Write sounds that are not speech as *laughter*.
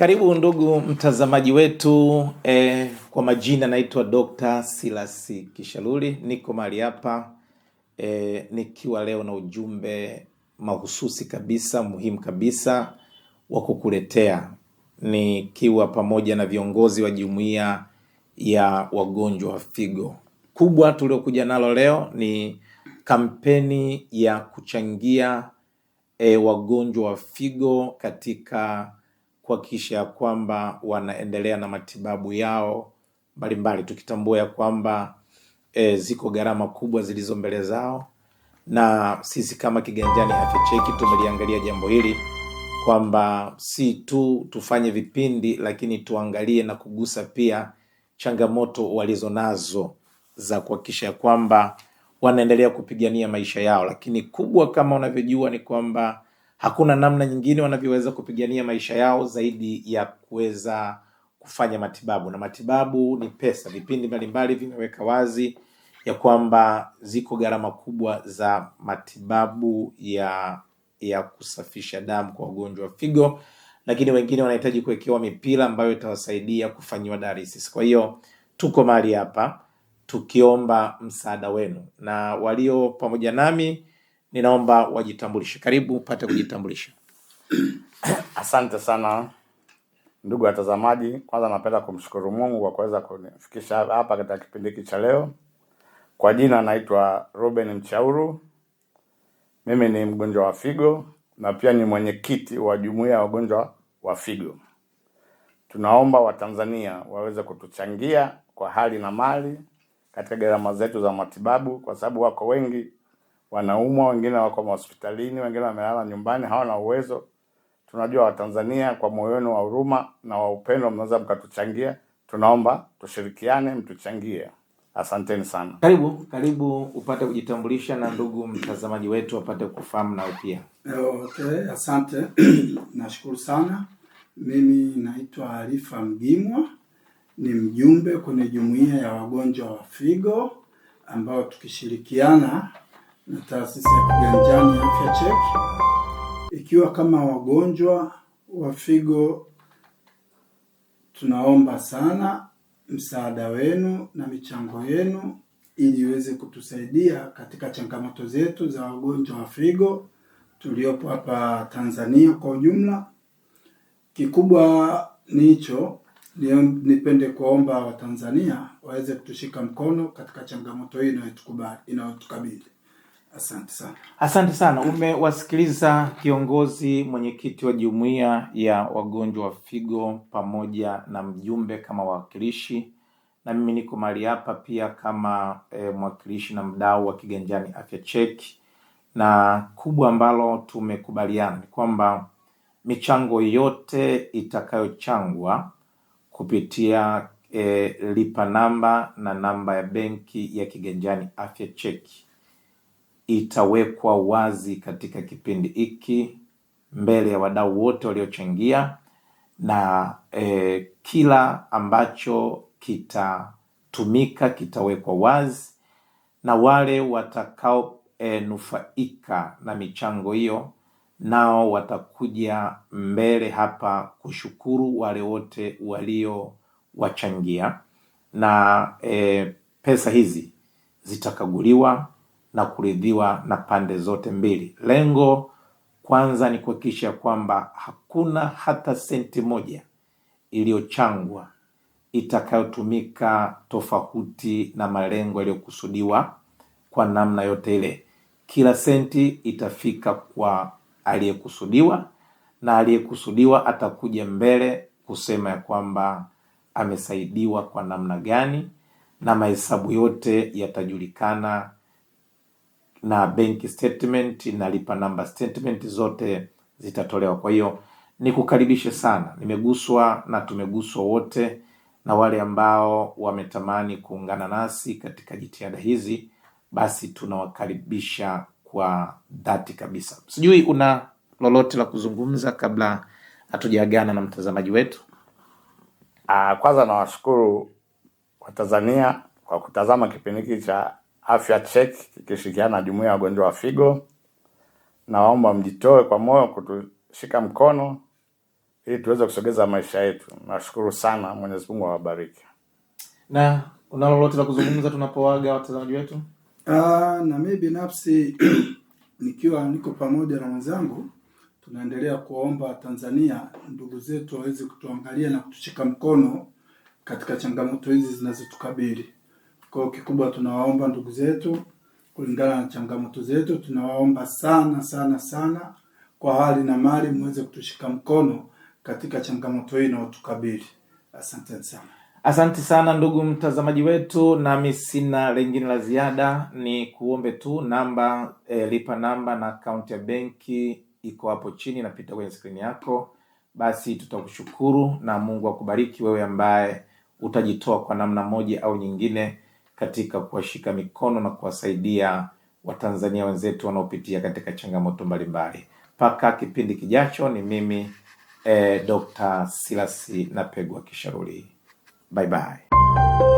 Karibu ndugu mtazamaji wetu eh, kwa majina naitwa d Silasi Kishaluli, niko mahali hapa eh, nikiwa leo na ujumbe mahususi kabisa muhimu kabisa wa kukuletea, nikiwa pamoja na viongozi wa jumuiya ya wagonjwa wa figo. Kubwa tuliokuja nalo leo ni kampeni ya kuchangia eh, wagonjwa wa figo katika kuhakikisha ya kwamba wanaendelea na matibabu yao mbalimbali, tukitambua ya kwamba e, ziko gharama kubwa zilizo mbele zao, na sisi kama Kiganjani Afya Cheki tumeliangalia jambo hili kwamba si tu tufanye vipindi, lakini tuangalie na kugusa pia changamoto walizo nazo za kuhakikisha ya kwamba wanaendelea kupigania maisha yao, lakini kubwa kama unavyojua ni kwamba hakuna namna nyingine wanavyoweza kupigania maisha yao zaidi ya kuweza kufanya matibabu, na matibabu ni pesa. Vipindi mbalimbali vimeweka wazi ya kwamba ziko gharama kubwa za matibabu ya ya kusafisha damu kwa wagonjwa wa figo, lakini wengine wanahitaji kuwekewa mipira ambayo itawasaidia kufanyiwa dialysis. Kwa hiyo tuko mahali hapa tukiomba msaada wenu na walio pamoja nami ninaomba wajitambulishe. Karibu upate kujitambulisha. *clears throat* Asante sana ndugu watazamaji, kwanza napenda kumshukuru Mungu kwa kuweza kunifikisha hapa katika kipindi hiki cha leo. Kwa jina naitwa Ruben Mchauru, mimi ni mgonjwa wa figo na pia ni mwenyekiti wa jumuiya ya wagonjwa wa figo. Tunaomba Watanzania waweze kutuchangia kwa hali na mali katika gharama zetu za matibabu, kwa sababu wako wengi wanaumwa, wengine wako mahospitalini, wengine wamelala nyumbani, hawana uwezo. Tunajua Watanzania, kwa moyoni wa huruma na wa upendo mnaweza mkatuchangia. Tunaomba tushirikiane, mtuchangie. Asanteni sana. Karibu karibu, upate kujitambulisha na ndugu mtazamaji wetu apate kufahamu nao pia. Okay, asante *clears throat* nashukuru sana. Mimi naitwa Arifa Mgimwa, ni mjumbe kwenye jumuiya ya wagonjwa wa figo ambao tukishirikiana na taasisi ya Kiganjani Afya Check, ikiwa kama wagonjwa wa figo tunaomba sana msaada wenu na michango yenu ili iweze kutusaidia katika changamoto zetu za wagonjwa wa figo tuliopo hapa Tanzania kwa ujumla. Kikubwa ni hicho, nipende kuwaomba Watanzania waweze kutushika mkono katika changamoto hii inayotukabili. Asante sana, asante sana. Umewasikiliza kiongozi mwenyekiti wa jumuiya ya wagonjwa wa figo pamoja na mjumbe kama wawakilishi, na mimi niko mali hapa pia kama e, mwakilishi na mdau wa Kiganjani Afya Cheki, na kubwa ambalo tumekubaliana ni kwamba michango yote itakayochangwa kupitia e, lipa namba na namba ya benki ya Kiganjani Afya Cheki itawekwa wazi katika kipindi hiki mbele ya wadau wote waliochangia na e, kila ambacho kitatumika kitawekwa wazi na wale watakao e, nufaika na michango hiyo nao watakuja mbele hapa kushukuru wale wote waliowachangia na e, pesa hizi zitakaguliwa na kuridhiwa na pande zote mbili. Lengo kwanza ni kuhakikisha kwamba hakuna hata senti moja iliyochangwa itakayotumika tofauti na malengo yaliyokusudiwa kwa namna yote ile. Kila senti itafika kwa aliyekusudiwa na aliyekusudiwa atakuja mbele kusema ya kwamba amesaidiwa kwa namna gani, na mahesabu yote yatajulikana na bank statement na lipa number statement zote zitatolewa. Kwa hiyo nikukaribishe sana, nimeguswa na tumeguswa wote, na wale ambao wametamani kuungana nasi katika jitihada hizi, basi tunawakaribisha kwa dhati kabisa. Sijui una lolote la kuzungumza kabla hatujaagana na mtazamaji wetu? Ah, kwanza nawashukuru Watanzania kwa kutazama kipindi hiki cha Afya Check ikishirikiana na jumuiya ya wagonjwa wa figo, Naomba mjitoe kwa moyo kutushika mkono ili tuweze kusogeza maisha yetu. Nashukuru sana, Mwenyezi Mungu awabariki. Na unalo lolote la kuzungumza tunapoaga watazamaji wetu? Ah, na mimi binafsi *clears throat* nikiwa niko pamoja na mwenzangu, tunaendelea kuwaomba Tanzania ndugu zetu waweze kutuangalia na kutushika mkono katika changamoto hizi zinazotukabili. Kwa kikubwa tunawaomba ndugu zetu, kulingana na changamoto zetu, tunawaomba sana sana sana kwa hali na mali muweze kutushika mkono katika changamoto hii inayotukabili. Asante sana. Asante sana ndugu mtazamaji wetu, nami sina lengine la ziada, ni kuombe tu namba e, lipa namba na akaunti ya benki iko hapo chini, inapita kwenye skrini yako. Basi tutakushukuru na Mungu akubariki wewe ambaye utajitoa kwa namna moja au nyingine katika kuwashika mikono na kuwasaidia Watanzania wenzetu wanaopitia katika changamoto mbalimbali. Mpaka kipindi kijacho, ni mimi eh, Dr. Silasi Napegwa kisharuli Bye bye.